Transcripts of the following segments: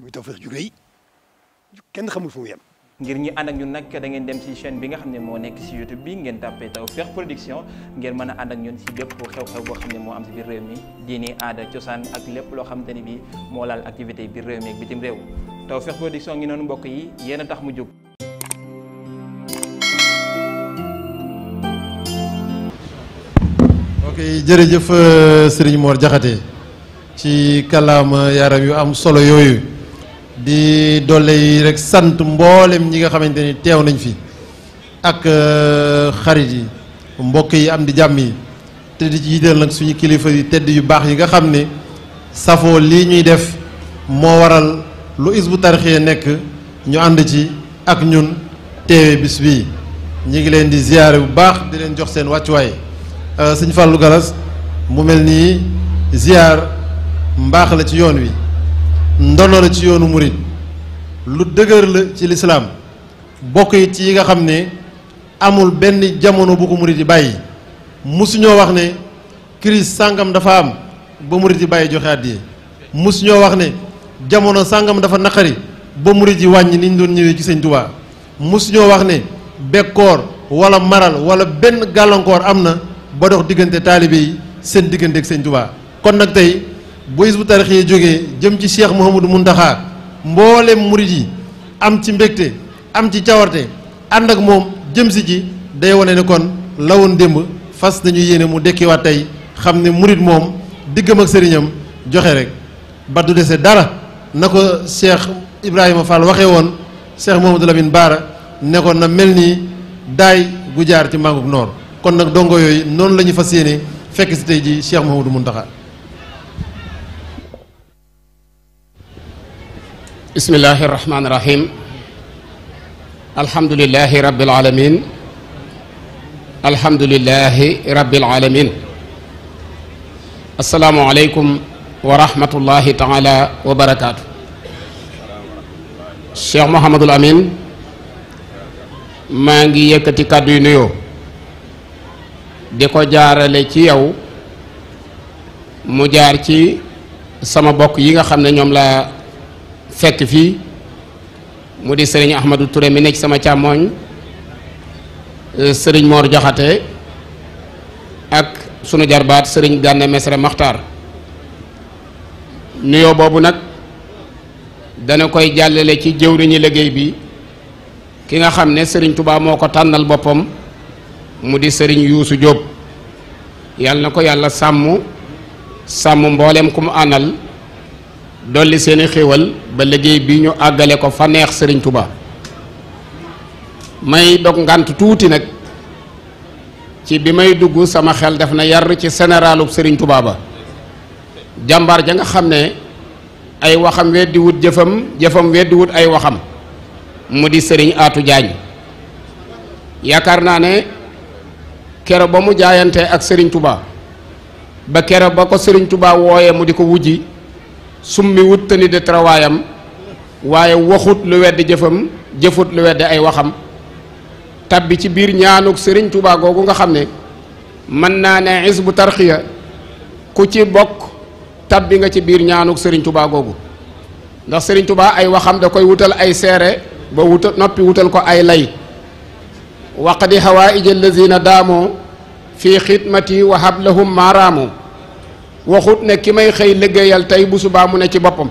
muy Tawfekh ju rëy kenn xamul fu mu ngir ñi ànd ak ñun nag da ngeen dem ci chaîne bi nga xam ne moo nekk ci YouTube bi ngeen tàppee Tawfekh Production ngeen mën a ànd ak ñun ci bépp xew-xew boo xam ne moo am ci biir réew mi diini aada cosaan ak lépp loo xamante ni bi moo laal activité biir réew mi ak bitim réew Tawfekh Production ngi noonu mbokk yi yéen a tax mu jóg. ok jërëjëf euh, Serigne Mor Diakhaté ci kàllaama yaram yu am solo yooyu. di dolle yi rek sant mboolem ñi nga xamante ni teew nañ fi ak euh, xarit yi mbokk yi am di jàmm yi te di ci yital nag suñu kilifa yi tedd yu baax yi nga xam ne safoo lii ñuy def moo waral lu is bu tarixee nekk ñu ànd ci ak ñun teewe bis bii ñi ngi leen di ziyaare bu baax di leen jox seen wàccuwaay euh, sëñ Fallou Galas mu mel nii ziyaar mbaax la ci yoon wi ndono la ci yoonu murit lu dëgër la ci lislaam bokk it ci yi nga xam ne amul benn jamono bu ko murit yi bàyyi musuñoo wax ne crise sàngam dafa am ba murit yi bàyyi joxe àddiya musuñoo wax ne jamono sàngam dafa naqari ba murit yi wàññi ni ñu doon ñëwee ci sëñ Tuubaa musuñoo wax ne bekkoor wala maral wala benn gàllankoor am na ba dox diggante taalibe yi seen diggante ak sëñ Tuubaa kon nag tey bu Hizbut Tarqiyyah jógee jëm ci Cheikh Mouhamadou Mountakha mboolem murit yi am ci mbégte am ci cawarte ànd ak moom jëm si ci day wane ne kon lawoon démb fas nañu yéene mu dekkiwaat tey xam ne murit moom diggam ak sëriñam joxe rek ba du desee dara na ko Cheikh Ibrahima Fall waxee woon Cheikh Mouhamadou Lamine Baara ne ko na mel ni daay gu jaar ci màngub noor kon nag dongo yooyu noonu la ñu fas yéene fekk si tey ji Cheikh Mouhamadou Mountakha bismillahi irrahmani irahim alhamdulilahi rabbil alamin alhamdulilahi rabbil alamin asalaamualeykum wa rahmatullahi taala wa maa ngi yëkkati kàddu yu nuyoo di ko jaarale ci yow mu jaar ci sama bokk yi nga xam ne ñoom laa fekk fii mu di sëriñ Ahmadou ture mi nekk sama càmmooñ euh, sëriñ Mor Jaxate ak sunu jarbaat sëriñ Gànne Mesere Maxtaar nuyoo boobu nag dana koy jàllale ci jëwriñu liggéey bi ki nga xam ne sëriñ Touba moo ko tànnal boppam mu di sëriñ Yuusu Jóob yàlla na ko yàlla sàmm sàmm mboolem ku mu àndal dolli seeni xéewal ba liggéey bi ñu àggale ko fa neex sëriñ Touba may dog ngànt tuuti nag ci bi may dugg sama xel def na yar ci sénéraalub sëriñ tubaa ba jàmbaar ja nga xam ne ay waxam weddi wut jëfam jëfam weddi wut ay waxam mu di sëriñ aatu Diagne yaakaar naa ne kero ba mu jaayante ak sëriñ Touba ba kero ba ko sëriñ tubaa wooyee mu di ko wujji summi wut tani de trawaayam waaye waxut lu weddi jëfam jëfut lu weddi ay waxam tabbi ci biir ñaanuk sëriñ Tuubaa googu nga xam ne mën naa ne bu Tarqiyyah ku ci bokk tabbi nga ci biir ñaanuk sëriñ Tuubaa googu ndax sëriñ Tuubaa ay waxam da koy wutal ay seere ba wut noppi wutal ko ay lay waqdi hawaa'ij allazina daamoo fi xidmati wa hablahum maaraamoo waxut ne ki may xëy liggéeyal tey bu subaa mu ne ci boppam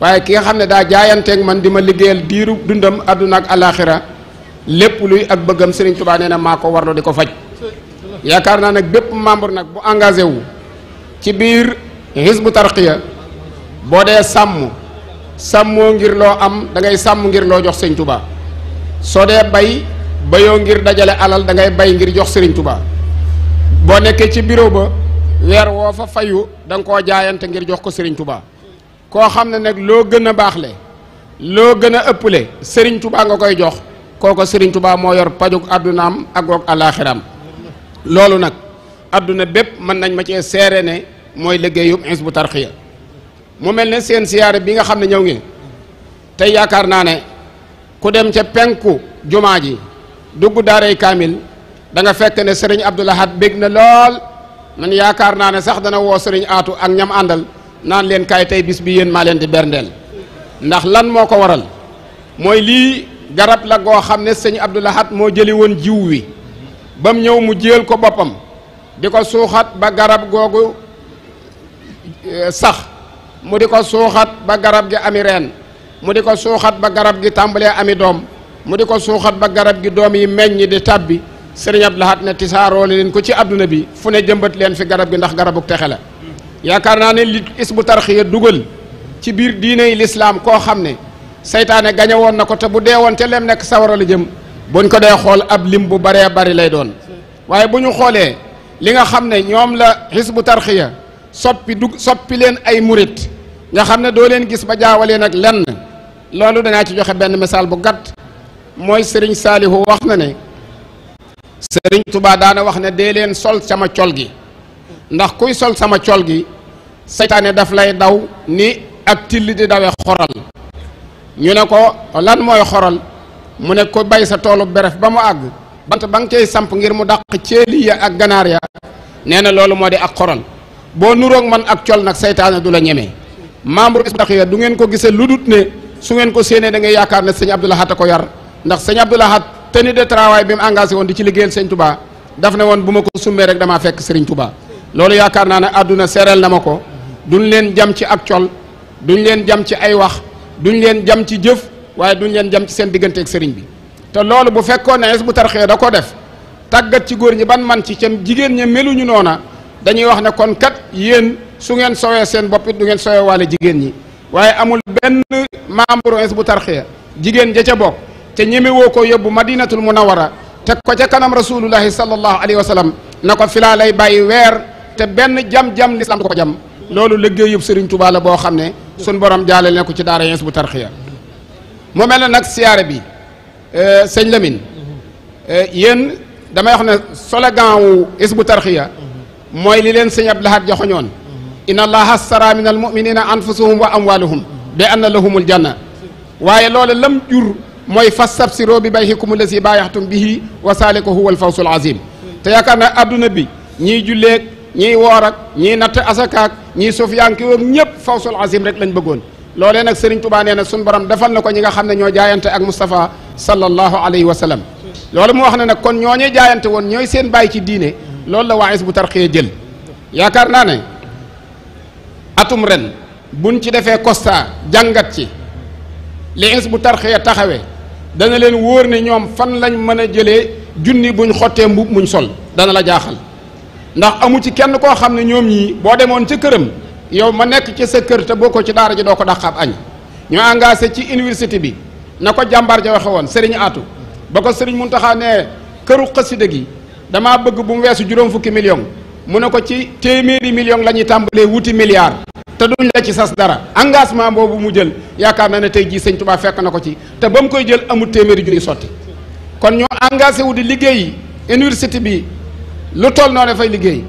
waaye ki nga xam ne daa jaayanteek man di ma liggéeyal diiru dundam àdduna ak alaaxira lépp luy ak bëggam Serigne Touba nee na maa ko warloo di ko faj yaakaar naa nag bépp membre nag bu engagé wu ci biir Hizbu Tarqiya boo dee sàmm sàmmoo ngir loo am da ngay sàmm ngir loo jox Serigne Touba soo dee bay bayoo ngir dajale alal da ngay bay ngir jox Serigne Touba boo nekkee ci bureau ba. weer woo fa fayu da nga koo jaayante ngir jox ko Serigne Touba koo xam ne nag loo gën a baax le loo gën a ëpple Serigne Touba nga koy jox kooko Serigne Touba moo yor pajug addunaam ak goog alaaxiram loolu nag adduna bépp mën nañ ma cee seere ne mooy liggéeyu liggéeyub bu Tarxiya mu mel ne seen siyaare bi nga xam ne ñëw ngi tey yaakaar naa ne ku dem ca penku jumaa ji dugg daaray kaamil da fekk ne Serigne Abdoul Ahad bég lool. man yaakaar naa ne sax dana woo sëriñ aatu ak ñam àndal naan leen kaay tey bis bi yéen maa leen di berndeel ndax lan moo ko waral mooy lii garab la goo xam ne sëñ Abdou Lahad moo jëli woon jiw wi ba mu ñëw mu jiyal ko boppam di ko suuxat ba garab googu euh, sax mu di ko suuxat ba garab gi ami reen mu di ko suuxat ba garab gi tàmbalee ami doom mu di ko suuxat ba garab gi doom yi meññ di tàbbi sëriñ Abdou Lahad ne tisaaroo leen ko ci àdduna bi fu ne jëmbat leen fi garab gi ndax garabuk texe la yaakaar naa ne li Hizbut Tarqiyyah dugal ci biir diiney lislaam koo xam ne seytaane gañe woon na ko te bu dee woon te lem nekk sawara la jëm buñ ko dee xool ab lim bu baree bari lay doon waaye bu ñu xoolee li nga xam ne ñoom la Hizbut Tarqiyyah soppi dug soppi leen ay murit nga xam ne doo leen gis ba jaawalee nag lenn loolu danaa ci joxe benn misaal bu gàtt mooy sëriñ Saalihu wax na ne sëriñ tubaa daana wax ne dee leen sol sama col gi ndax kuy sol sama col gi saytaane daf lay daw ni ak tilli di dawee xoral ñu ne ko lan mooy xoral mu ne ko bay sa toolu beref ba mu àgg bant ba nga koy samp ngir mu dàq céeli ya ak ganaar ya nee na loolu moo di ak xoral boo nuroog man ak col nag seytaane du la ñemee membre ya du ngeen ko gisee lu dut ne su ngeen ko séenee da ngay yaakaar ne sëñ Abdou Lahad a ko yar ndax sëñ Abdou tenue de trawaay bi mu engagé woon di ci liggéeyal sëñ Touba daf ne woon bu ma ko summee rek damaa fekk Serigne Touba loolu yaakaar naa ne àdduna seereel na ma ko duñ leen jam ci ak col duñ leen jam ci ay wax duñ leen jam ci jëf waaye duñ leen jam ci seen diggante ak sëriñ bi te loolu bu fekkoon ne Hizbut Tarqiyyah da ko def tàggat ci góor ñi ban man ci cam jigéen ña meluñu noona dañuy wax ne kon kat yéen su ngeen sowee seen bopp it du ngeen sowee waale jigéen ñi waaye amul benn membre Hizbut Tarqiyyah jigéen ja ca bokk te ñemewoo ko yóbbu madinatul munawara te ko ca kanam rasulullahi sallallahu alayhi wa sallam na ko filaa lay bàyyi weer te benn jam-jam lislaam ko jam loolu liggéeyub Sëriñ Tuubaa la boo xam ne sun borom jaaleel ne ko ci daara yees bu tarxiya mu mel ne nag siyaare bi euh, sëñ Lamine euh, yéen damay wax ne slogan wu isbu tarxiya mooy li leen sëñ Abdou Lahad joxoñoon inna allaha astara min almuminina anfusahum wa amwaluhum bi anna lahumul janna waaye loola lam jur mooy fastabsiroo bi bay'ikum allazi baayaxtum bihi wa ko huwa alfawsul azim te yaakaar naa adduna bi ñiy julleeg ñiy woor ak ñiy natt asakaak ñiy suuf yanki woog ñëpp fawsul azim rek lañ bëggoon loole nag Serigne Touba nee na sunu borom defal na ko ñi nga xam ne ñoo jaayante ak Moustapha sallallahu alayhi wa sallam loolu mu wax ne nag kon ñooñee jaayante woon ñooy seen bàyyi ci diine loolu la waa Hizbut Tarqiyyah jël yaakaar naa ne atum ren buñ ci defee constat jàngat ci li Hizbut Tarqiyyah taxawee dana leen wóor ne ñoom fan lañ mën a jëlee junni buñ xottee mbubb muñ sol dana la jaaxal ndax amu ci kenn koo xam ne ñoom ñii boo demoon ca këram yow ma nekk ci sa kër te bokkoo ci daara ji doo ko dàq ab añ ñu engagé ci université bi na ko jàmbaar ja waxe woon sëriñ Aatu ba ko sëriñ Muntaxa ne këru xasida gi damaa bëgg bu mu weesu juróom fukki million mu ne ko ci téeméeri million la ñuy tàmbalee wuti milliard te duñ la ci sas dara engagement boobu mu jël yaakaar na ne tey jii sëñ Tuubaa fekk na ko ci te ba mu koy jël amul téeméeri junni sotti kon ñu engagé wu di liggéey université bi lu toll noo fay liggéey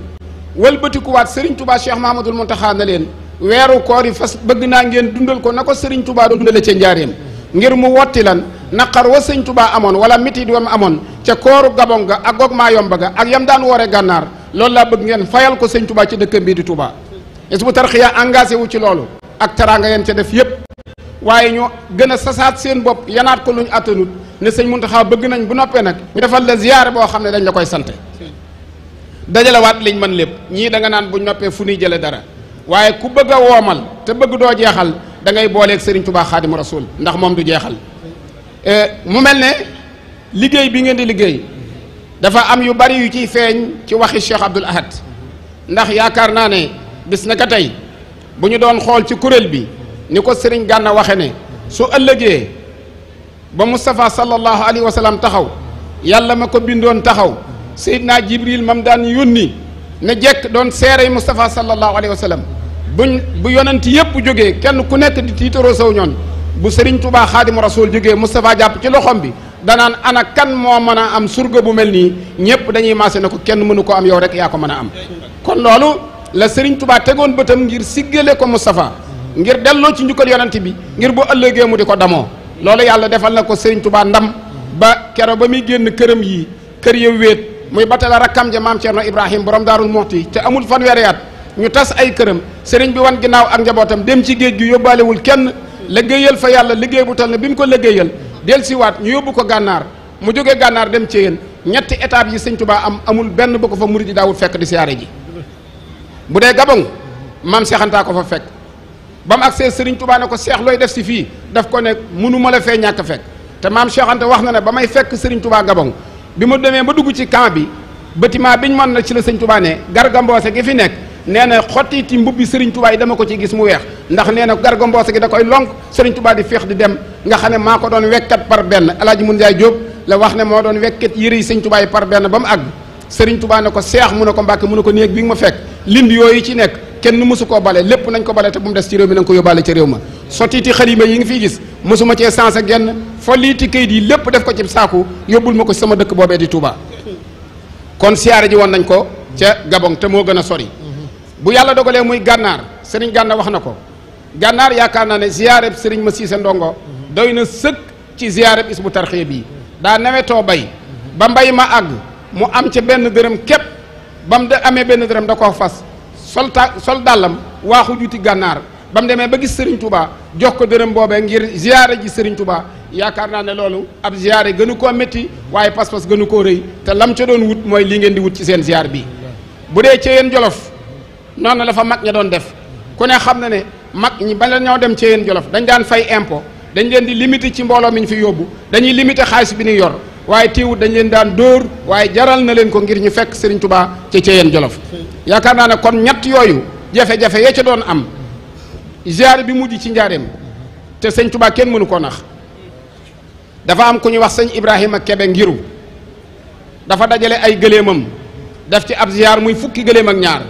wëlbatikuwaat sëriñ Tuubaa Cheikh Mahamadul Muntaxa na leen weeru koor yi fas bëgg naa ngeen dundal ko na ko sëriñ Tuubaa doon dundale ca njaareem ngir mu wotti lan naqar wa sëñ Tuubaa amoon wala miti wam amoon ca kooru gabon ga ak goog maa yomba ak yam daan woore gànnaar loolu laa bëgg ngeen fayal ko sëñ Tuubaa ci dëkkam bii di Tuubaa Hizbut Tarqiyyah engagé wu ci loolu ak teraanga yeen ca def yépp waaye ñoo gën a sasaat seen bopp yanaat ko luñ attanut ne sëñ taxaw bëgg nañ bu noppee nag ñu defal la ziyaare boo xam ne dañ la koy sante dajalewaat liñ mën lépp ñii da nga naan bu noppee fu ñuy jële dara waaye ku bëgg a woomal te bëgg doo jeexal da ngay booleeg Serigne Touba Xaadimu Rasuul ndax moom du jeexal eh, mu mel ne liggéey bi ngeen di liggéey dafa am yu bari yu ciy feeñ ci waxi Cheikh Abdoul ndax yaakaar naa ne bis na ka tey bu ñu doon xool ci kuréel bi ni ko sëriñ Gànna waxe ne su ëllëgee ba Moustapha sallallahu alayhi wa sallam taxaw yàlla ma ko bindoon taxaw Seydina Jibril mam daan yónni ne jekk doon seerey Moustapha sallallahu alayhi wa sallam buñ bu yonent yépp jógee kenn ku nekk di tiitaroo saw ñoon bu sëriñ Touba xaadimu rasul jógee Moustapha jàpp ci loxoom bi danaan ana kan moo mën a am surga bu mel nii ñëpp dañuy maase na ko kenn mënu ko am yow rek yaa ko mën a am la Serigne Touba tegoon bëtam ngir siggale ko Moustapha ngir delloo ci njukkal yonent bi ngir bu ëllëgee mu di ko damoo loolu yàlla defal na ko Serigne Touba ndam ba kero ba muy génn këram yi kër ya wéet muy batala rakkam ja maam Thierno Ibrahim borom daarul muxti te amul fanweeri ñu tas ay këram Serigne bi wan ginnaaw ak njabootam dem ci géej gi yóbbaalewul kenn liggéeyal fa yàlla liggéey bu tal ne bi mu ko liggéeyal dellusiwaat ñu yóbbu ko gànnaar mu jógee gànnaar dem ci ñetti étapes yi Sëñ Tuubaa am amul benn bu fa murid yi fekk di siyaare ji bu dee Gabon maam Cheikh ko fa fekk ba mu agsee sëriñ Touba ne ko Cheikh looy def si fii daf ko ne mënuma la fee ñàkk fekk te maam Cheikh wax na ne ba may fekk Serigne Touba Gabon bi ma demee ba dugg ci camp bi bâtiment biñ mën na ci la Serigne Touba ne Garga Mbossé gi fi nekk nee na xottiti mbubbi Serigne Touba yi dama ko ci gis mu weex ndax nee na Garga Mbossé gi da koy lonk Serigne tubaa di feex di dem nga xam ne maa ko doon wekkat par benn El Hadj Mun Njaay la wax ne moo doon wekkat yëre yi Serigne Touba yi ba mu àgg sëriñ tubaa ne ko seex mu ne ko mbàkke mu ne ko néeg bi nga ma fekk lind yooyu ci nekk kenn mësu koo bale lépp nañ ko bale te bu mu des ci réew mi nañ ko yóbbaale ca réew ma sottiiti ma yi nga fiy gis mësuma cee sens ak genn folliiti yi lépp def ko ci saaku ma ko sama dëkk boobee di Touba kon siyaare ji woon nañ ko ca Gabon te moo gën a sori bu yàlla dogalee muy gànnaar sëriñ gànna wax na ko gànnaar yaakaar naa ne ziyaareb sëriñ ma siise ndongo doy na sëkk ci ziyaareb isbu tarxiya bii daa nawetoo bay ba mbay ma àgg mu am ca benn dërëm képp ba mu de amee benn dërëm da ko fas sol ta sol dàllam waaxu juuti gànnaar ba mu demee ba gis Serigne tubaa jox ko dërëm boobee ngir ziyaare ji Serigne tubaa yaakaar naa ne loolu ab ziyaare gënu koo métti waaye pas-pas gënu koo rëy te lam ca doon wut mooy li ngeen di wut ci seen ziyaar bi bu dee ci yéen jolof noonu la fa mag ña doon def ku ne xam na ne mag ñi ba la ñoo dem ci yéen jolof dañ daan fay impôt dañ leen di limité ci mbooloo mi ñu fi yóbbu dañuy limité xaalis bi ñu yor. waaye teewut dañ leen daan dóor waaye jaral na leen ko ngir ñu fekk Serigne Touba ca Ceyeen Jolof yaakaar naa ne kon ñett yooyu jafe-jafe ya ca doon am ziar bi mujj ci njaareem te sëñ tubaa kenn mënu ko nax dafa am ku ñuy wax sëñ Ibrahima Kebe Ngiru dafa dajale ay gëléemam def ci ab ziar muy fukki gëléem ak ñaar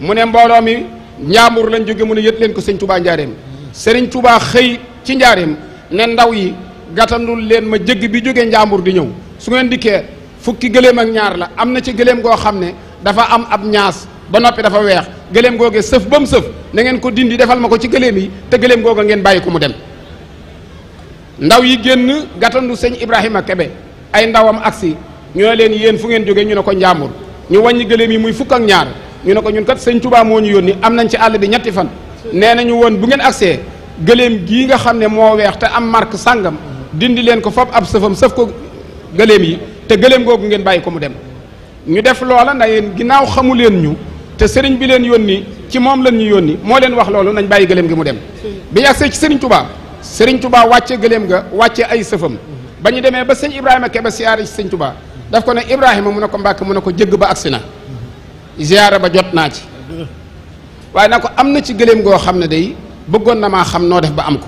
mu ne mbooloo mi njaambur lañ jóge mu ne yët leen ko sëñ Touba njaareem Serigne Touba xëy ci njaareem ne ndaw yi. gàttandul leen ma jëgg bi jóge njaambur di ñëw su ngeen dikkee fukki gëléem ak ñaar la am na ci gëléem goo xam ne dafa am ab ñaas ba noppi dafa weex gëléem googe sëf ba mu sëf na ngeen ko dindi defal ma ko ci gëléem yi te gëléem googa ngeen bàyyi ko mu dem ndaw yi génn gàttandu sëñ Ibrahima Kebe ay ndawam agsi ñu ne leen yéen fu ngeen jógee ñu ne ko njaambur ñu wàññi gëléem yi muy fukk ak ñaar ñu ne ko ñun kat sëñ Tuubaa moo ñu yónni am nañ ci àll bi ñetti fan nee woon bu ngeen agsee gëléem gii nga xam ne moo weex te am marque sàngam dindi leen ko fab ab sëfam sëf ko gëléem yi te gëléem googu ngeen bàyyi ko mu dem ñu def loola ndax yéen ginnaaw xamu leen ñu te sëriñ bi leen yónni ci moom lan ñu yónni moo leen wax loolu nañ bàyyi gëléem gi mu dem bi yàgsee ci sëriñ tubaa sëriñ tubaa wàcce gëléem ga wàcce ay sëfam ba ñu demee ba sëñ ibrahima kebe siyaare ci sëñ tubaa daf ko ne ibrahima mu ne ko mbàkke mu ne ko jëgg ba agsi na ziyaara ba jot naa ci waaye na ko am na ci gëléem goo xam ne day bëggoon na maa xam noo def ba am ko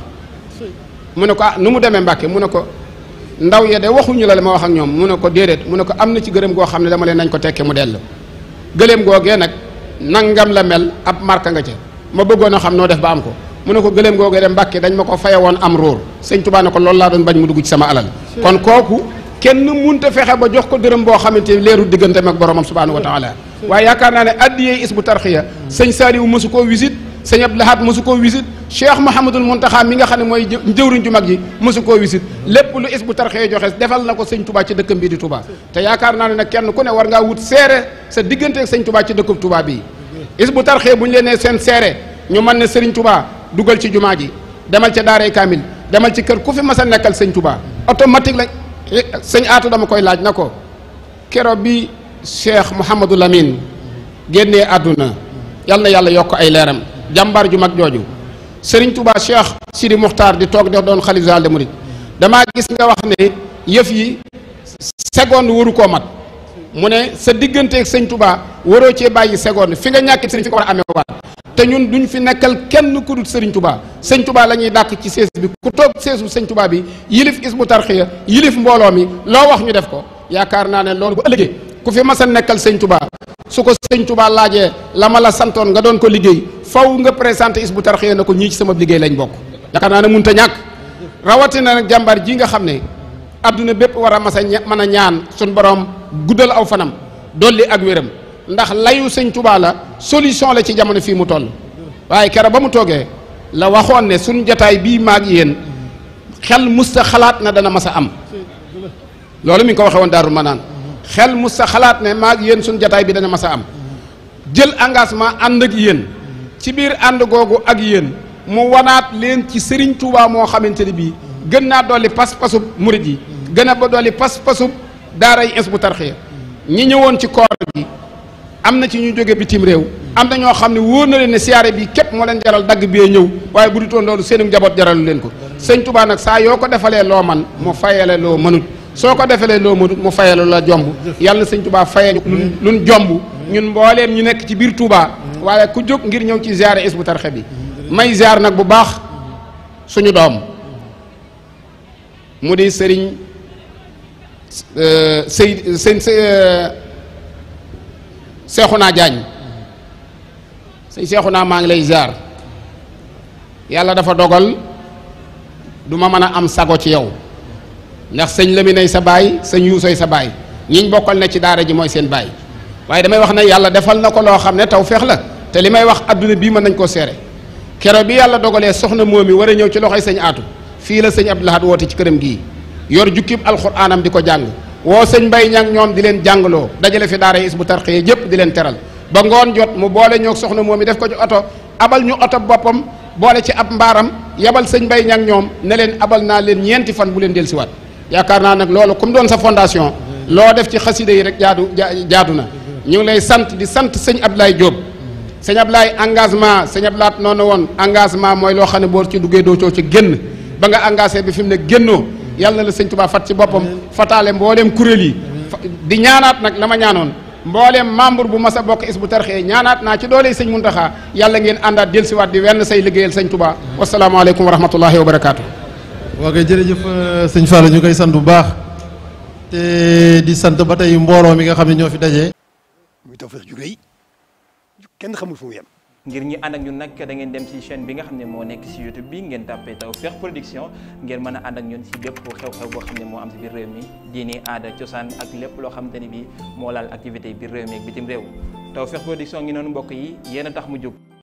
mu ne ko ah nu mu demee Mbàkke mu ne ko ndaw ya de waxuñu la li ma wax ak ñoom mu ne ko déedéet mu ne ko am na ci gërëm goo xam ne dama leen nañ ko tekke mu dellu goo gee nag nangam la mel ab marka nga ca ma bëggoon a xam noo def ba am ko mu ne ko gëlëm googee de Mbàkke dañ ma ko faye woon am róor sëñ Tuubaa ko loolu laa doon bañ mu dugg ci sama alal kon kooku kenn munta fexe ba jox ko dërëm boo xamante ni leeru digganteem ak boromam su wa taala waaye yaakaar naa ne addiyee is bu tarxiya hmm. sëñ Saaliwu mësu koo wisit sëñ Abdou Lahad mosu koo wisit Cheikh Mouhamadul Mountakha mi nga xam ne mooy njëwriñ ju mag yi mosu koo wisit lépp lu Hizbut Tarqiyyah joxe defal na ko sëñ Touba ci dëkkam bii di Touba te yaakaar naa ne nag kenn ku ne war ngaa wut seere sa diggante ak sëñ Touba ci dëkkam Touba bii Hizbut Tarqiyyah bu ñu leen seen seere ñu man ne Serigne Touba dugal ci jumaa ji demal ca daaray Kaamil demal ci kër ku fi ma a nekkal sëñ Touba automatique la eh, señ aatu dama koy laaj na ko kero bi Cheikh Mouhamadou Lamine génnee àdduna yal na yàlla yokk ay leeram jàmbaar ju mag jooju sëriñ tubaa Cheikh Sidi Muxtaar di toog def doon xalif général des mourides damaa gis nga wax ne yëf yi seconde waru koo mat mu ne sa digganteeg sëñ tubaa waroo cee bàyyi seconde fi nga ñàkkit sëriñ fi ko war a amee te ñun duñ fi nekkal kenn ku sëriñ tubaa sëñ Touba la ñuy dàkk ci sees bi ku toog seesu sëñ Touba bi yilif isbu tarxiya yilif mbooloo mi loo wax ñu def ko yaakaar naa ne loolu bu ëllëgee ku fi mas a nekkal sëñ Touba su ko sëñ Touba laajee la ma la santoon nga doon ko liggéey fow nga présenté is bu tarxee na ko ñii ci sama liggéey lañ bokk yaakaar naa ne mënut a ñàkk rawatina ne jàmbaar ji nga xam ne adduna bépp war a mas a mën a ñaan suñ borom guddal aw fanam dolli ak wéram ndax layu sëñ Touba la solution la ci jamono fii mu toll waaye kero ba mu toogee la waxoon ne suñ jataay bii maag yéen xel musta xalaat na dana mas a am loolu mi ngi ko waxee woon daaru manaan xel mu sa xalaat ne maag yéen suñ jataay bi dana mas a am jël engagement ànd ak yéen ci biir ànd googu ak yéen mu wanaat leen ci Serigne Touba moo xamante ni bii gën naa dolli pas-pasub murid yi gën a ba dolli pas-pasub daaray Hizbut Tarqiyyah ñi ñëwoon ci koor bi am na ci ñu jóge bitim réew am na ñoo xam ne wóor na leen ne siyaare bi képp moo leen jaral dagg bee ñëw waaye bu dutoon loolu seenu njaboot jaralu leen ko sëñ Touba nag saa yoo ko defalee loo man mu fayale loo mënut soo ko defalee loo mënut mu fayalu la jomb yàlla na sëñ Touba fayalu luñ jomb ñun mbooleem ñu nekk ci biir Touba waaye ku jóg ngir ñëw ci ziare Hizbut Tarqiyyah bi may ziar nag bu baax suñu doom mu di sëriñ sëy sëñ Seexuna Jaañ sëñ Seexuna maa ngi lay ziar yàlla dafa dogal du ma mën a am sago ci yow ndax sëñ Laminay sa baay sëñ Yuusay sa baay ñiñ bokkal na ci daara ji mooy seen baay waaye damay wax ne yàlla defal na ko loo xam ne taw feex la te li may wax adduna bii mën nañ koo seere kero bi yàlla dogalee soxna moom mi war a ñëw ci loxo sëñ aatu fii la sëñ Abdou Lahad woote ci këram gii yor jukkib alxuraanam di ko jàng woo sëñ Mbay ñang ñoom di leen jàngaloo dajale fi daara is bu tarxee yëpp di leen teral ba ngoon jot mu boole ñoo soxna moom mi def ko ci oto abal ñu oto boppam boole ci ab mbaaram yabal sëñ Mbay ñang ñoom ne leen abal naa leen ñeenti fan bu leen dellusiwaat yaakaar naa nag loolu comme doon sa fondation loo def ci xasida yi rek jaadu jaadu na ñu ngi lay sant di sant sëñ Ablaye jóob sëñ Ablaye engagement sëñ Ablaye noonu woon engagement mooy loo xam ne boo ci duggee doo coo ci génn ba nga engagé bi fi mu ne génnoo yàlla na la sëñ Tuubaa fat ci boppam fataale mbooleem kuréel yi di ñaanaat nag la ma ñaanoon mbooleem membre bu mas a bokk is bu tarxee ñaanaat naa ci doole sëñ Muntaxa yàlla ngeen àndaat dellusiwaat di wenn say liggéeyal sëñ Tuubaa wasalaamaaleykum wa rahmatullahi wa barakaatu. waa kay jërëjëf euh, sëñ Fallou ñu koy sant bu baax te di sant ba tey mbooloo mi nga xam ne ñoo fi daje. muy Tawfekh ju rëy kenn xamul fu mu yem. ngir ñi ànd ak ñun nag da ngeen dem ci chain bi nga xam ne moo nekk ci YouTube bi ngeen tàppee Tawfekh Production ngeen mën a ànd ak ñun ci bépp xew-xew boo xam ne moo am ci biir réew mi diini aada cosaan ak lépp loo xamante ni bi moo laal activité biir réew mi ak bitim réew Tawfekh Production ngi noonu mbokk yi yéen a mu jóg.